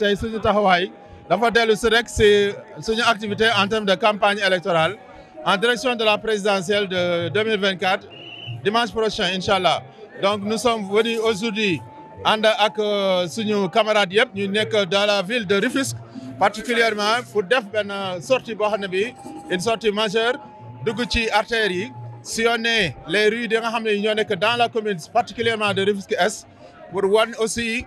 tey suñu taxawaay dafa dellu le rek c'est une activité en termes de campagne électorale en direction de la présidentielle de 2024 dimanche prochain inshallah. donc nous sommes venus aujourd'hui avec ak euh, camarades Yep. ñu dans la ville de Rufisque particulièrement pour def une euh, sortie de une sortie majeure de ci Si on est les rues de nga nous dans la commune particulièrement de Rufisque Est pour voir aussi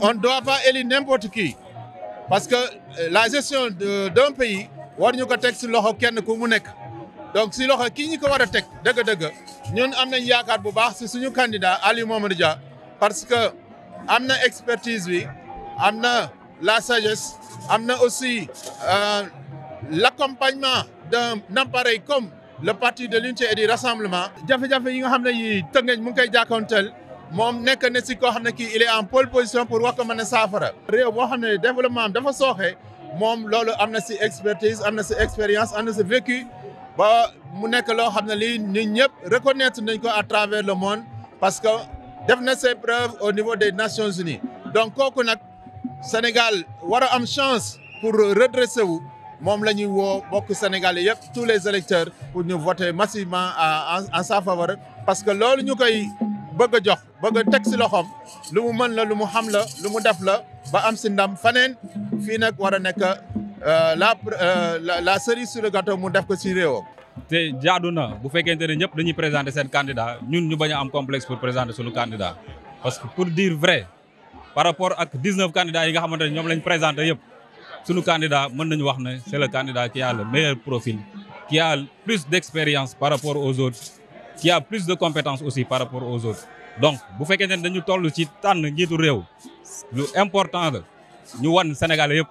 On ne doit pas élire n'importe qui parce que euh, la gestion d'un pays war ñu ko teg si loxo kenn ku mu nekk donc si loxo kii ñu ko war a teg dëgg-dëgg ñun am nañ yaakaar bu baax si suñu candidat Aliou Mamadou Dia parce que am na expertise bi am na la sagesse am na aussi euh, l'accompagnement d'un appareil comme le parti de l'unité et di rassemblement jafe-jafe yi nga xam ne yi Tëngéej mu ngi koy jàkkoonteel mom nek na si ko xamne ki il est en pole position pour wax ko mën a saafara. réew développement am dafa sooxe moom loolu am expertise amna ci expérience amna ci vécu ba mu nek lo xamne li nit ñëpp reconnaître nañ ko à travers le monde parce que def na ses preuves au niveau des Nations Unies. donc koku nak Sénégal wara am chance pour redresser wu mom lañuy wo bokk Sénégalais yëpp tous les électeurs pour ñu voter massivement en en sa faveur parce que lolu ñukay bëgg a jox bëgg a teg si loxoom lu mu mën la lu mu xam la lu mu def la ba am si ndam faneen fii nag war a nekk euh, euh, la la cerise sur le gâteau mu def ko si réewam. te jaadu na bu fekkente ne ñëpp dañuy présenter seen candidat ñun ñu bañ a am complexe pour présenter suñu candidat parce que pour dire vrai par rapport ak 19 candidats yi nga xamante ne ñoom lañ présenter yëpp suñu candidat mën nañu wax ne c'est le candidat qui a le meilleur profil qui a plus d'expérience par rapport aux autres qui a plus de compétences aussi par rapport aux autres donc bu fekkee ne dañu tollu ci tànn njiitu réew lu important la ñu wan Sénégal yëpp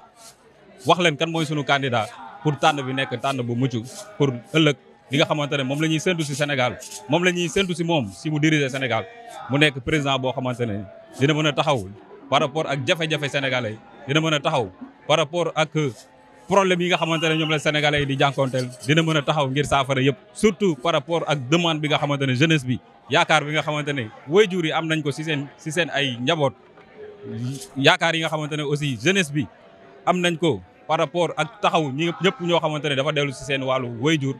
wax leen kan mooy sunu candidat pour tànn bi nekk tànn bu mucc pour ëllëg li nga xamante ne moom la ñuy séntu si Sénégal moom la ñuy séntu si moom si mu diriger Sénégal mu nekk président boo xamante ne dina mën a taxaw par rapport ak jafe-jafe sénégalais dina mën a taxaw par rapport ak problème yi nga xamante ne ñoom la sénégalais yi di jànkonteel dina mën a taxaw ngir saafara yëpp surtout par rapport ak demande bi nga xamante ne jeunesse bi yaakaar bi nga xamante ne waajur yi am nañ ko si seen si seen ay njaboot yaakaar yi nga xamante ne aussi jeunesse bi am nañ ko par rapport ak taxaw ñi ñëpp ñoo xamante ne dafa dellu si seen wàllu jur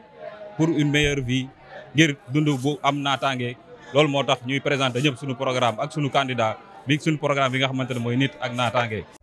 pour une meilleure vie ngir dund bu am naataange loolu moo tax ñuy présenter ñëpp sunu programme ak suñu candidat bi suñu programme bi nga xamante ne mooy nit ak naataange